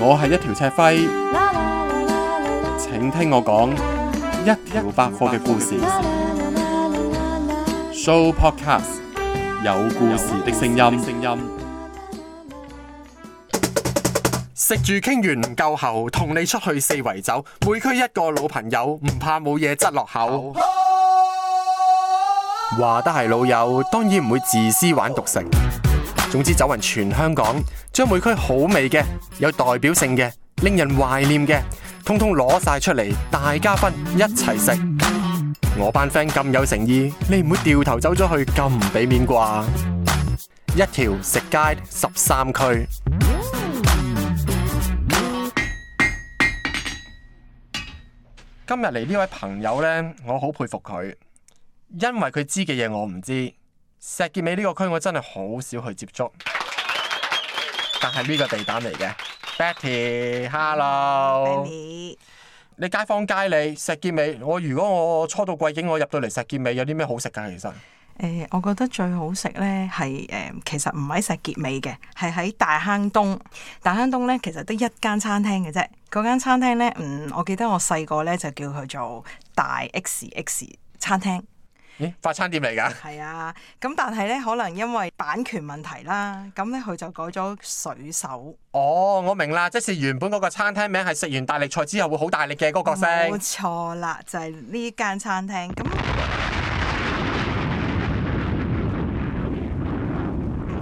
我係一條赤輝，請聽我講一條百貨嘅故事。故事 show podcast 有故事的聲音。食住傾完夠喉，同你出去四圍走，每區一個老朋友，唔怕冇嘢執落口。話得係老友，當然唔會自私玩獨食。總之走勻全香港，將每區好味嘅、有代表性嘅、令人懷念嘅，通通攞晒出嚟，大家分，一齊食。我班 friend 咁有誠意，你唔會掉頭走咗去咁唔俾面啩？一條食街十三區，今日嚟呢位朋友呢，我好佩服佢，因為佢知嘅嘢我唔知。石硤尾呢個區我真係好少去接觸， 但係呢個地膽嚟嘅 Betty，Hello，你街坊街里石硤尾，我如果我初到貴境，我入到嚟石硤尾有啲咩好食㗎？其實誒、欸，我覺得最好食咧係誒，其實唔喺石硤尾嘅，係喺大坑東。大坑東咧其實得一間餐廳嘅啫，嗰間餐廳咧，嗯，我記得我細個咧就叫佢做大 X X 餐廳。誒，快餐店嚟㗎？係啊，咁但係咧，可能因為版權問題啦，咁咧佢就改咗水手。哦，我明啦，即、就是原本嗰個餐廳名係食完大力菜之後會好大力嘅嗰個角色。冇錯啦，就係、是、呢間餐廳。咁誒、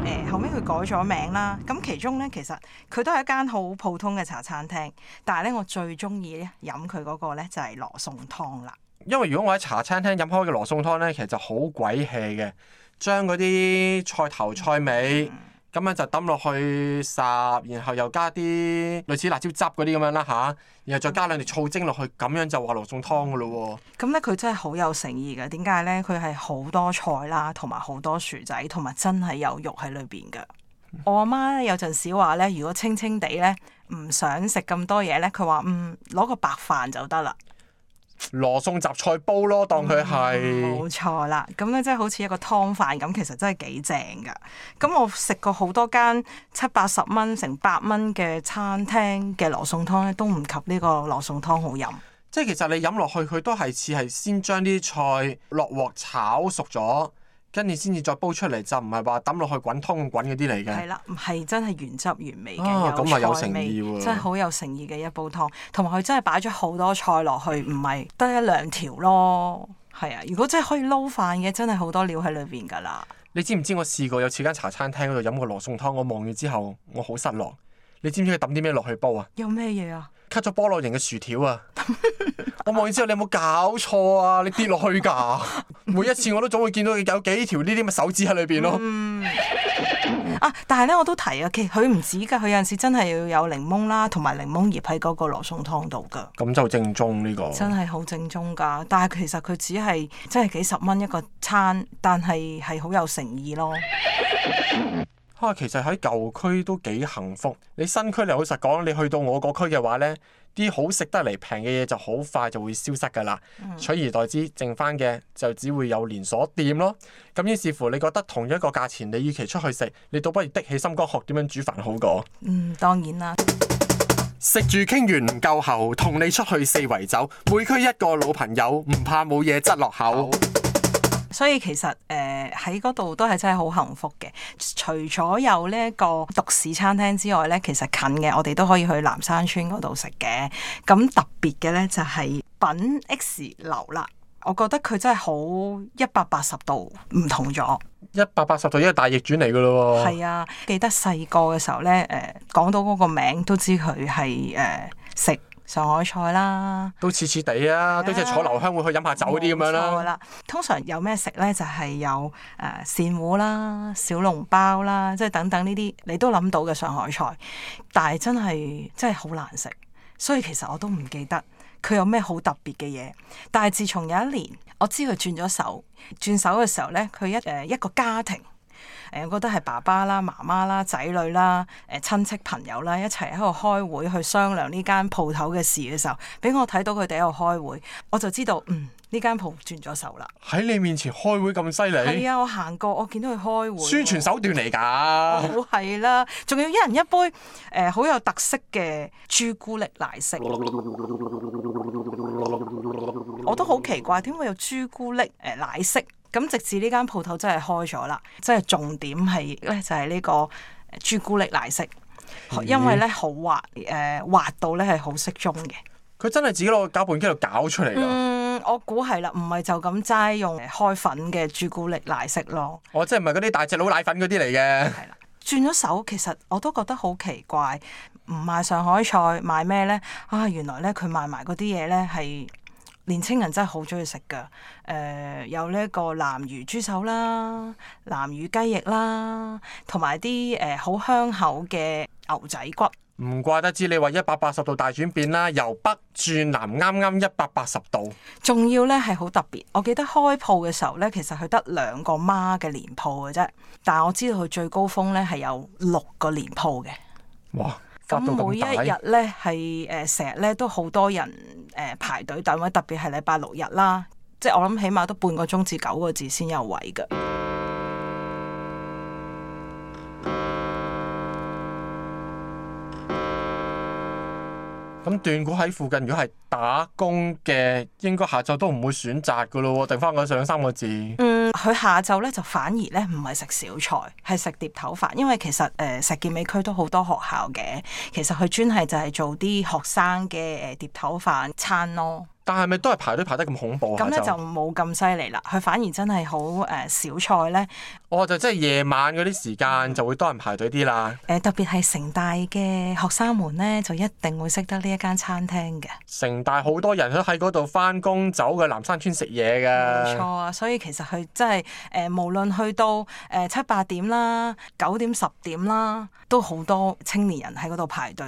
呃，後尾佢改咗名啦。咁其中咧，其實佢都係一間好普通嘅茶餐廳。但係咧，我最中意咧飲佢嗰個咧就係羅宋湯啦。因為如果我喺茶餐廳飲開嘅羅宋湯咧，其實就好鬼 hea 嘅，將嗰啲菜頭菜尾咁樣就抌落去霎，然後又加啲類似辣椒汁嗰啲咁樣啦吓、啊，然後再加兩條醋精落去，咁樣就話羅宋湯噶咯喎。咁咧佢真係好有誠意噶，點解咧？佢係好多菜啦，同埋好多薯仔，同埋真係有肉喺裏邊噶。我阿媽咧有陣時話咧，如果清清地咧唔想食咁多嘢咧，佢話嗯攞個白飯就得啦。羅宋雜菜煲咯，當佢係冇錯啦。咁咧，即係好似一個湯飯咁，其實真係幾正噶。咁我食過好多間七八十蚊、成百蚊嘅餐廳嘅羅宋湯咧，都唔及呢個羅宋湯好飲。即係其實你飲落去，佢都係似係先將啲菜落鑊炒熟咗。跟住先至再煲出嚟，就唔係話抌落去滾湯咁滾嗰啲嚟嘅。係啦，係真係原汁原味嘅。咁咪、啊、有，有誠意喎！真係好有誠意嘅一煲湯，同埋佢真係擺咗好多菜落去，唔係得一兩條咯。係啊，如果真係可以撈飯嘅，真係好多料喺裏邊㗎啦。你知唔知我試過有次間茶餐廳嗰度飲過羅宋湯，我望完之後我好失落。你知唔知佢抌啲咩落去煲啊？有咩嘢啊？cut 咗菠蘿形嘅薯條啊！ 我望完之後，你有冇搞錯啊？你跌落去噶！ 每一次我都總會見到有幾條呢啲咁嘅手指喺裏邊咯，嗯。啊！但係咧，我都提啊，其實佢唔止噶，佢有陣時真係要有檸檬啦，同埋檸檬葉喺嗰個羅宋湯度噶。咁就正宗呢，個。真係好正宗噶，但係其實佢只係真係幾十蚊一個餐，但係係好有誠意咯。啊，其實喺舊區都幾幸福。你新區，你老實講，你去到我個區嘅話呢啲好食得嚟平嘅嘢就好快就會消失㗎啦。嗯、取而代之，剩翻嘅就只會有連鎖店咯。咁於是乎，你覺得同一個價錢，你與其出去食，你倒不如的起心肝學點樣煮飯好過。嗯，當然啦。食住傾完唔夠喉，同你出去四圍走，每區一個老朋友，唔怕冇嘢執落口。所以其實誒喺嗰度都係真係好幸福嘅，除咗有呢一個獨市餐廳之外咧，其實近嘅我哋都可以去南山村嗰度食嘅。咁特別嘅咧就係、是、品 X 樓啦，我覺得佢真係好一百八十度唔同咗。一百八十度一個大逆轉嚟嘅咯喎。係啊，記得細個嘅時候咧，誒、呃、講到嗰個名都知佢係誒食上海菜啦，都似似哋啊，都即係坐留香會去飲下酒啲咁樣啦。啦，通常有咩食咧就係、是、有誒鱔糊啦，小籠包啦，即、就、係、是、等等呢啲你都諗到嘅上海菜，但係真係真係好難食，所以其實我都唔記得佢有咩好特別嘅嘢。但係自從有一年我知佢轉咗手，轉手嘅時候咧，佢一誒、呃、一個家庭。誒、呃，我覺得係爸爸啦、媽媽啦、仔女啦、誒、呃、親戚朋友啦，一齊喺度開會去商量呢間鋪頭嘅事嘅時候，俾我睇到佢哋喺度開會，我就知道嗯呢間鋪轉咗手啦。喺你面前開會咁犀利？係啊，我行過我見到佢開會，宣傳手段嚟噶。係 啦、哦，仲要、啊、一人一杯誒，好、呃、有特色嘅朱古力奶昔， 我都好奇怪點會有朱古力誒奶昔。咁直至呢間鋪頭真係開咗啦，即係重點係咧就係、誒、呢個朱古力奶昔，因為咧好滑，誒、呃、滑到咧係好適中嘅。佢真係自己攞攪拌機度攪出嚟㗎。嗯，我估係啦，唔係就咁齋用開粉嘅朱古力奶昔咯。哦，即係唔係嗰啲大隻佬奶粉嗰啲嚟嘅？係啦，轉咗手，其實我都覺得好奇怪，唔賣上海菜，賣咩咧？啊，原來咧佢賣埋嗰啲嘢咧係。年青人真係好中意食噶，誒、呃、有呢一個南乳豬手啦、南乳雞翼啦，同埋啲誒好香口嘅牛仔骨。唔怪得知你話一百八十度大轉變啦，由北轉南，啱啱一百八十度。仲要呢係好特別，我記得開鋪嘅時候呢，其實佢得兩個媽嘅年鋪嘅啫，但係我知道佢最高峰呢係有六個年鋪嘅。哇！咁每一日呢係誒成日呢都好多人誒排隊等位，特別係禮拜六日啦，即係我諗起碼都半個鐘至九個字先有位嘅。咁斷估喺附近，如果係打工嘅，應該下晝都唔會選擇嘅咯喎，剩翻嗰上三個字。佢下晝咧就反而咧唔係食小菜，係食碟頭飯，因為其實誒石硤尾區都好多學校嘅，其實佢專係就係做啲學生嘅誒碟頭飯餐咯。但係咪都係排隊排得咁恐怖？咁咧就冇咁犀利啦，佢反而真係好誒少菜咧。我、哦、就即係夜晚嗰啲時間就會多人排隊啲啦。誒、呃、特別係城大嘅學生們咧，就一定會識得呢一間餐廳嘅。城大好多人都喺嗰度返工走嘅南山村食嘢嘅，冇錯啊！所以其實佢真係誒、呃、無論去到誒七八點啦、九點十點啦，都好多青年人喺嗰度排隊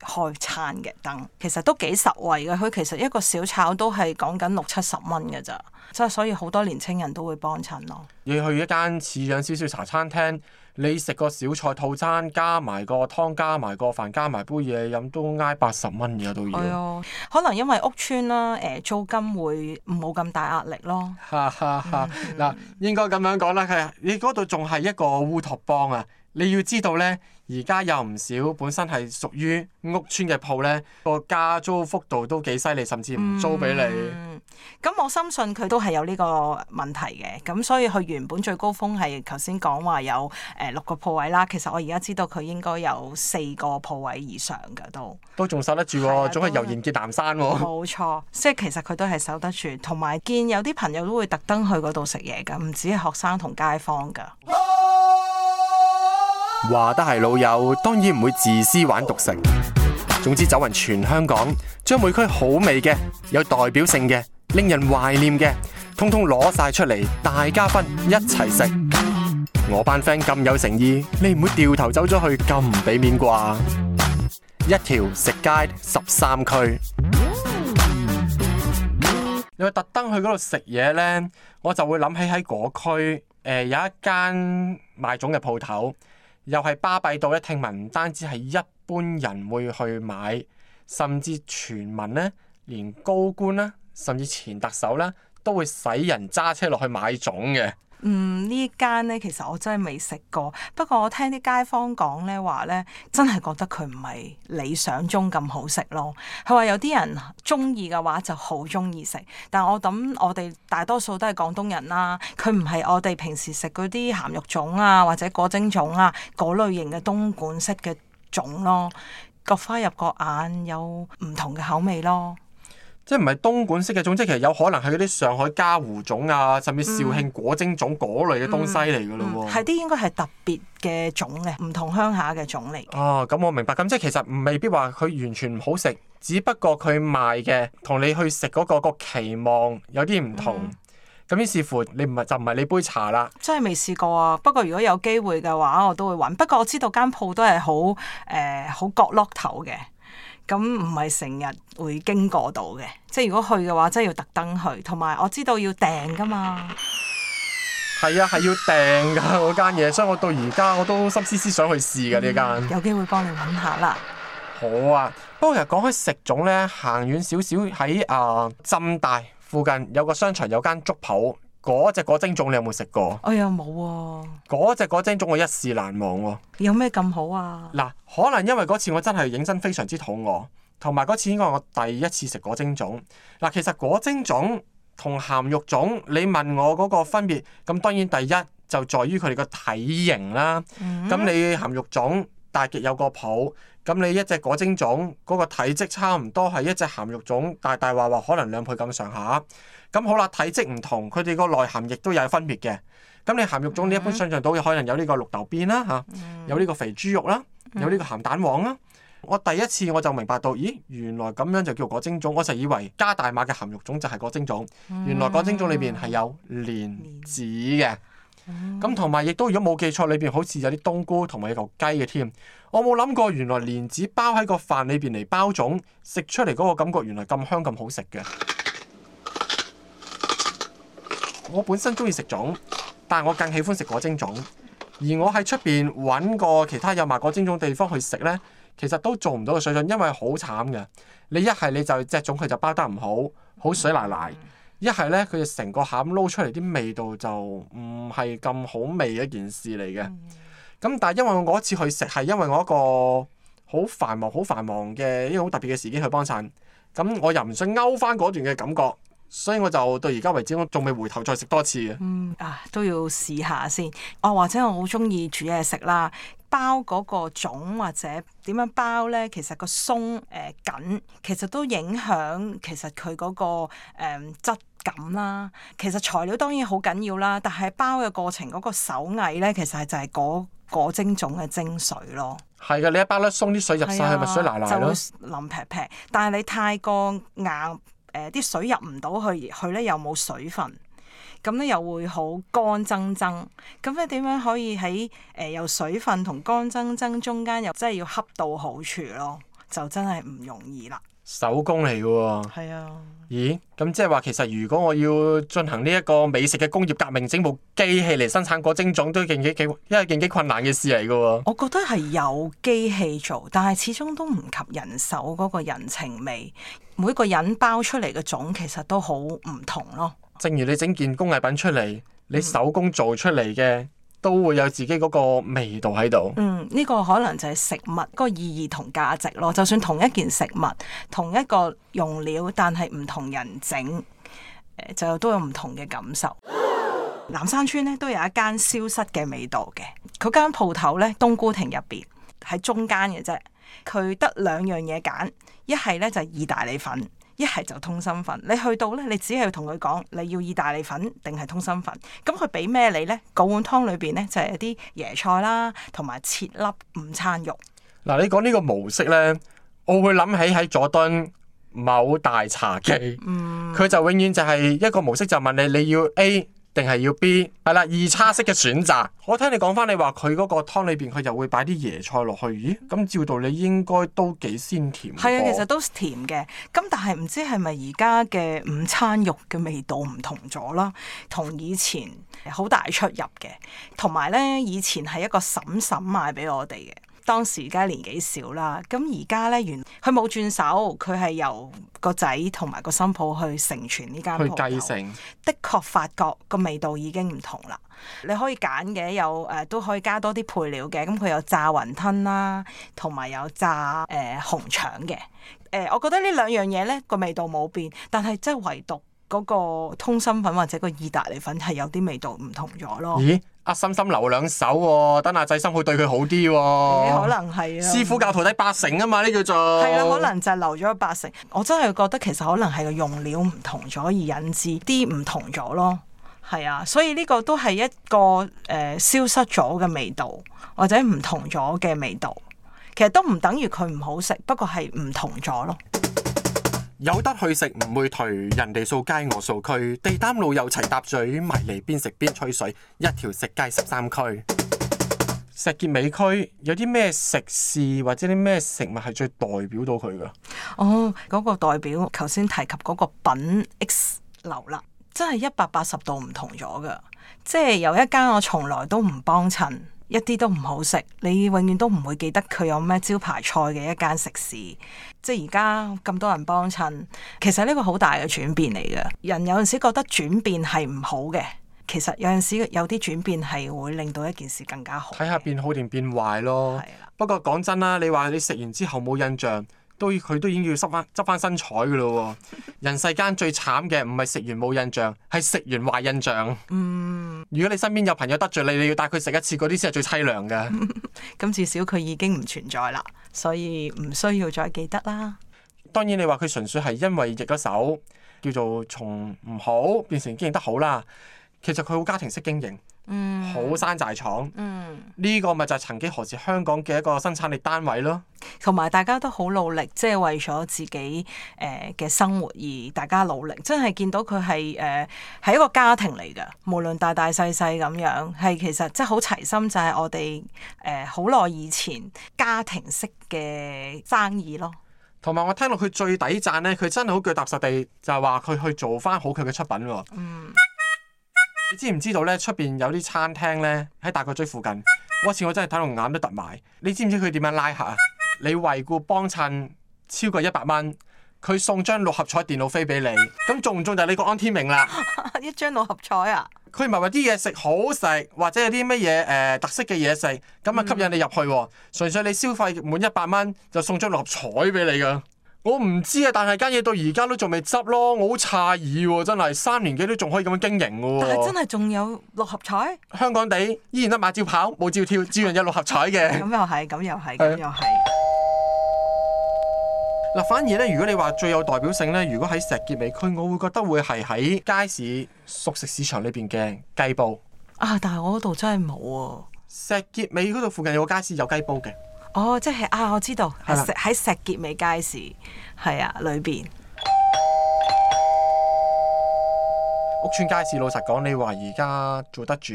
開餐嘅等。其實都幾實惠嘅，佢其實一個小考都係講緊六七十蚊嘅咋，即係所以好多年青人都會幫襯咯。你 要去一間似樣少少茶餐廳。你食個小菜套餐，加埋個湯，加埋個飯，加埋杯嘢飲，都挨八十蚊嘅都要、哎。可能因為屋邨啦，誒、呃、租金會冇咁大壓力咯。嗱，應該咁樣講啦，係你嗰度仲係一個烏托邦啊！你要知道呢，而家有唔少本身係屬於屋邨嘅鋪呢，個加租幅度都幾犀利，甚至唔租俾你。嗯咁我深信佢都係有呢個問題嘅，咁所以佢原本最高峰係頭先講話有誒六個鋪位啦，其實我而家知道佢應該有四個鋪位以上㗎，都都仲守得住喎、哦，啊、總係油鹽傑淡山喎。冇錯，即係其實佢都係守得住，同埋見有啲朋友都會特登去嗰度食嘢㗎，唔止係學生同街坊㗎。話得係老友，當然唔會自私玩獨食。總之走勻全香港，將每區好味嘅、有代表性嘅。令人懷念嘅，通通攞晒出嚟，大家分一齊食。我班 friend 咁有誠意，你唔會掉頭走咗去咁唔俾面啩？一條食街十三區，你話特登去嗰度食嘢呢，我就會諗起喺嗰區誒有一間賣種嘅鋪頭，又係巴閉到。一聽聞唔單止係一般人會去買，甚至全民呢，連高官呢。甚至前特首咧都會使人揸車落去買粽嘅。嗯，呢間咧其實我真係未食過，不過我聽啲街坊講咧話咧，真係覺得佢唔係理想中咁好食咯。佢話有啲人中意嘅話就好中意食，但我諗我哋大多數都係廣東人啦，佢唔係我哋平時食嗰啲鹹肉粽啊或者果蒸粽啊嗰類型嘅東莞式嘅粽咯，各花入各眼，有唔同嘅口味咯。即係唔係東莞式嘅種，即係其實有可能係嗰啲上海嘉湖種啊，甚至肇慶果蒸種嗰類嘅東西嚟噶咯。係啲、嗯嗯、應該係特別嘅種嘅，唔同鄉下嘅種嚟。哦、啊，咁我明白。咁即係其實未必話佢完全唔好食，只不過佢賣嘅同你去食嗰、那個個期望有啲唔同。咁於、嗯、是乎你，你唔係就唔係你杯茶啦。真係未試過啊！不過如果有機會嘅話，我都會揾。不過我知道間鋪都係好誒，好、呃、角落頭嘅。咁唔係成日會經過到嘅，即係如果去嘅話，真係要特登去。同埋我知道要訂㗎嘛，係啊，係要訂㗎嗰間嘢，所以我到而家我都心思思想去試㗎呢間。有機會幫你揾下啦。好啊，不過其實講開食種咧，行遠少少喺啊浸大附近有個商場有間粥鋪。嗰隻果蒸粽你有冇食過？哎呀，冇喎、啊！嗰隻果蒸粽我一試難忘喎、啊。有咩咁好啊？嗱、啊，可能因為嗰次我真係認真非常之肚餓，同埋嗰次應該我第一次食果蒸粽。嗱、啊，其實果蒸粽同鹹肉粽，你問我嗰個分別，咁當然第一就在於佢哋個體型啦。咁、嗯、你鹹肉粽。大極有個譜，咁你一隻裹蒸粽嗰、那個體積差唔多係一隻鹹肉粽，大大話話可能兩倍咁上下。咁好啦，體積唔同，佢哋個內涵亦都有分別嘅。咁你鹹肉粽你一般想像到可能有呢個綠豆邊啦嚇、嗯啊，有呢個肥豬肉啦，有呢個鹹蛋黃啦。我第一次我就明白到，咦，原來咁樣就叫裹蒸粽。我就以為加大碼嘅鹹肉粽就係裹蒸粽，原來裹蒸粽裏邊係有蓮子嘅。咁同埋亦都如果冇記錯，裏邊好似有啲冬菇同埋有嚿雞嘅添。我冇諗過，原來蓮子包喺個飯裏邊嚟包粽，食出嚟嗰個感覺原來咁香咁好食嘅。我本身中意食粽，但係我更喜歡食裹蒸粽。而我喺出邊揾過其他有賣裹蒸粽地方去食呢，其實都做唔到個水準，因為好慘嘅。你一係你就隻粽佢就包得唔好，好水泥泥。嗯一係呢，佢哋成個餡咁撈出嚟，啲味道就唔係咁好味嘅一件事嚟嘅。咁、嗯、但係因為我嗰次去食係因為我一個好繁忙、好繁忙嘅一個好特別嘅時機去幫襯，咁我又唔想勾翻嗰段嘅感覺，所以我就到而家為止我仲未回頭再食多次、嗯、啊，都要試下先。我、哦、或者我好中意煮嘢食啦，包嗰個粽或者點樣包呢？其實個鬆誒緊其實都影響其實佢嗰、那個、呃、質。咁啦，其實材料當然好緊要啦，但係包嘅過程嗰個手藝咧，其實就係嗰嗰精種嘅精髓咯。係㗎，你一包粒鬆啲水入晒去是是喇喇，咪水難耐咯。淋劈劈，但係你太過硬，誒、呃，啲水入唔到去，佢咧又冇水分，咁咧又會好乾爭爭。咁咧點樣可以喺誒、呃、有水分同乾爭爭中間又真係要恰到好處咯，就真係唔容易啦。手工嚟㗎喎，係啊，咦，咁即係話，其實如果我要進行呢一個美食嘅工業革命，整部機器嚟生產嗰蒸粽都勁幾幾，因為勁幾困難嘅事嚟㗎。我覺得係有機器做，但係始終都唔及人手嗰個人情味。每個人包出嚟嘅粽，其實都好唔同咯。正如你整件工藝品出嚟，你手工做出嚟嘅。嗯都會有自己嗰個味道喺度。嗯，呢個可能就係食物嗰個意義同價值咯。就算同一件食物、同一個用料，但係唔同人整，呃，就都有唔同嘅感受。 南山村咧都有一間消失嘅味道嘅，佢間鋪頭咧，冬菇亭入邊喺中間嘅啫。佢得兩樣嘢揀，一係咧就係意大利粉。一係就通心粉，你去到呢，你只係要同佢講你要意大利粉定係通心粉，咁佢俾咩你呢？嗰碗湯裏邊呢，就係一啲椰菜啦，同埋切粒午餐肉。嗱、啊，你講呢個模式呢，我會諗起喺佐敦某大茶記，佢、嗯、就永遠就係一個模式，就問你你要 A。定係要 B，係啦，二叉式嘅選擇。我聽你講返，你話佢嗰個湯裏邊佢又會擺啲椰菜落去，咦？咁照道理應該都幾鮮甜。係啊，其實都甜嘅。咁但係唔知係咪而家嘅午餐肉嘅味道唔同咗啦，同以前好大出入嘅。同埋呢，以前係一個嬸嬸賣俾我哋嘅。當時而家年紀少啦，咁而家咧原佢冇轉手，佢係由個仔同埋個新抱去承傳呢間鋪頭。的確發覺個味道已經唔同啦。你可以揀嘅，有誒、呃、都可以加多啲配料嘅。咁佢有炸雲吞啦，同埋有炸誒、呃、紅腸嘅。誒、呃，我覺得呢兩樣嘢咧個味道冇變，但係即係唯獨嗰個通心粉或者個意大利粉係有啲味道唔同咗咯。咦？阿心心留兩手、哦，等阿仔心好對佢好啲。可能係、啊、師傅教徒弟八成啊嘛，呢叫做係啦、啊。可能就係留咗八成。我真係覺得其實可能係個用料唔同咗而引致啲唔同咗咯。係啊，所以呢個都係一個誒、呃、消失咗嘅味道，或者唔同咗嘅味道。其實都唔等於佢唔好食，不過係唔同咗咯。有得去食唔會退，人哋掃街我掃區，地攤路又齊搭嘴，埋嚟，邊食邊吹水，一條食街十三區。石硤尾區有啲咩食肆或者啲咩食物係最代表到佢噶？哦，嗰、嗰個代表，頭先提及嗰個品 X 樓啦，真係一百八十度唔同咗噶，即係有一間我從來都唔幫襯。一啲都唔好食，你永遠都唔會記得佢有咩招牌菜嘅一間食肆。即係而家咁多人幫襯，其實呢個好大嘅轉變嚟嘅。人有陣時覺得轉變係唔好嘅，其實有陣時有啲轉變係會令到一件事更加好。睇下變好定變壞咯。係啦。不過講真啦，你話你食完之後冇印象。都佢都已經要執翻執翻身材嘅咯喎，人世間最慘嘅唔係食完冇印象，係食完壞印象。嗯，如果你身邊有朋友得罪你，你要帶佢食一次嗰啲先係最凄涼嘅。咁、嗯、至少佢已經唔存在啦，所以唔需要再記得啦。當然你話佢純粹係因為易咗手叫做從唔好變成經營得好啦，其實佢好家庭式經營，嗯，好山寨廠，嗯，呢個咪就係曾經何時香港嘅一個生產力單位咯，同埋大家都好努力，即、就、係、是、為咗自己誒嘅、呃、生活而大家努力，真係見到佢係誒係一個家庭嚟㗎，無論大大細細咁樣，係其實即係好齊心就，就係我哋誒好耐以前家庭式嘅生意咯。同埋我聽落佢最抵讚咧，佢真係好腳踏實地，就係話佢去做翻好佢嘅出品咯。嗯。你知唔知道呢？出邊有啲餐廳呢，喺大角咀附近，嗰次我真係睇到眼都突埋。你知唔知佢點樣拉客啊？你維顧幫襯超過一百蚊，佢送張六合彩電腦飛俾你。咁中唔中就係你個安天命啦。 一張六合彩啊？佢唔係話啲嘢食好食，或者有啲乜嘢誒特色嘅嘢食，咁啊吸引你入去，啊。純、嗯、粹你消費滿一百蚊就送張六合彩俾你噶。我唔知啊，但係間嘢，到而家都仲未執咯，我好詫異喎，真係三年幾都仲可以咁樣經營喎。但係真係仲有六合彩？香港地依然得馬照跑，冇照跳，照樣有六合彩嘅。咁又係，咁又係，咁又係。嗱、嗯，嗯嗯嗯嗯嗯、反而咧，如果你話最有代表性咧，如果喺石硤尾區，我會覺得會係喺街市熟食市場裏邊嘅雞煲。啊！但係我嗰度真係冇啊。石硤尾嗰度附近有個街市有雞煲嘅。哦，即係啊，我知道，喺的石喺石硖尾街市係啊，裏邊屋邨街市。老實講，你話而家做得住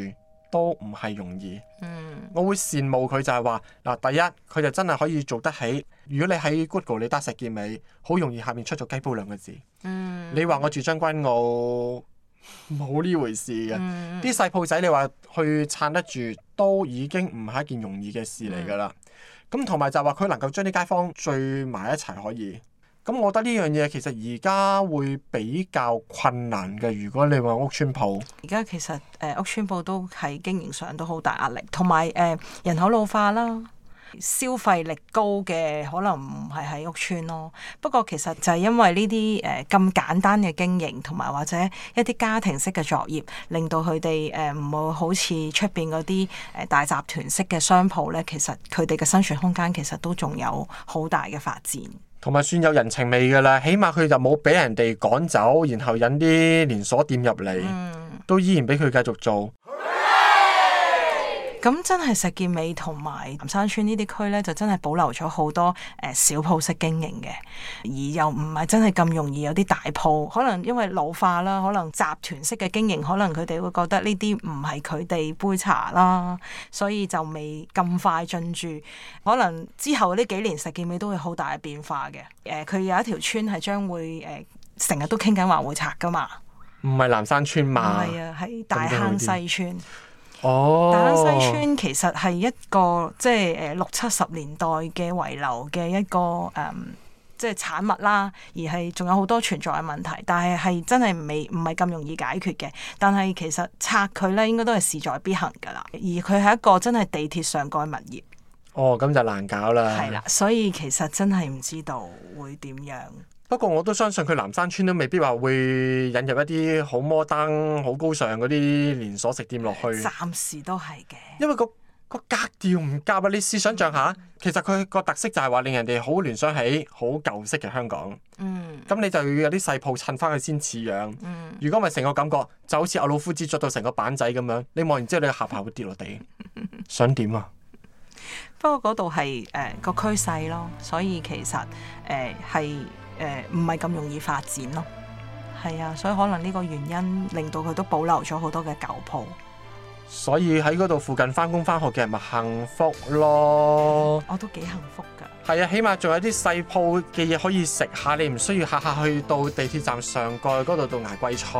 都唔係容易。嗯，我會羨慕佢就係話嗱，第一佢就真係可以做得起。如果你喺 Google 你打石硖尾，好容易下面出咗雞煲兩個字。嗯，你話我住將軍澳冇呢 回事嘅啲細鋪仔，嗯、你話去撐得住都已經唔係一件容易嘅事嚟噶啦。嗯。咁同埋就話佢能夠將啲街坊聚埋一齊可以，咁我覺得呢樣嘢其實而家會比較困難嘅。如果你話屋邨鋪，而家其實誒、呃、屋邨鋪都喺經營上都好大壓力，同埋誒人口老化啦。消費力高嘅可能唔係喺屋村咯，不過其實就係因為呢啲誒咁簡單嘅經營，同埋或者一啲家庭式嘅作業，令到佢哋誒唔會好似出邊嗰啲誒大集團式嘅商鋪咧，其實佢哋嘅生存空間其實都仲有好大嘅發展，同埋算有人情味噶啦，起碼佢就冇俾人哋趕走，然後引啲連鎖店入嚟，嗯、都依然俾佢繼續做。咁真係石硤尾同埋南山村區呢啲區咧，就真係保留咗好多誒、呃、小鋪式經營嘅，而又唔係真係咁容易有啲大鋪。可能因為老化啦，可能集團式嘅經營，可能佢哋會覺得呢啲唔係佢哋杯茶啦，所以就未咁快進駐。可能之後呢幾年石硤尾都會好大嘅變化嘅。誒、呃，佢有一條村係將會誒成日都傾緊話會拆噶嘛？唔係南山村嘛？係啊，係大坑西村。哦，大坑西村其實係一個即係誒六七十年代嘅遺留嘅一個誒、嗯，即係產物啦，而係仲有好多存在嘅問題，但係係真係未唔係咁容易解決嘅。但係其實拆佢咧，應該都係事在必行噶啦。而佢係一個真係地鐵上蓋物業。哦，咁就難搞啦。係啦，所以其實真係唔知道會點樣。不過我都相信佢南山村都未必話會引入一啲好摩登、好高尚嗰啲連鎖食店落去。暫時都係嘅。因為個個格調唔夾啊！你試想象下，其實佢個特色就係話令人哋好聯想起好舊式嘅香港。嗯。咁你就要有啲細鋪襯翻佢先似樣。嗯、如果唔係成個感覺就好似阿老夫子着到成個板仔咁樣，你望完之後你個下巴會跌落地。 想點啊？ 不過嗰度係誒個趨勢咯，所以其實誒係。呃誒唔係咁容易發展咯，係啊，所以可能呢個原因令到佢都保留咗好多嘅舊鋪。所以喺嗰度附近翻工翻學嘅人咪幸福咯。嗯，我都幾幸福㗎。係啊，起碼仲有啲細鋪嘅嘢可以食下，你唔需要下下去到地鐵站上蓋嗰度度捱貴菜。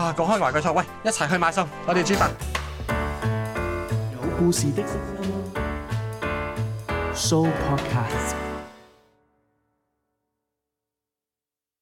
啊，講開捱貴菜，喂，一齊去買餸，我哋煮飯。有故事的聲音。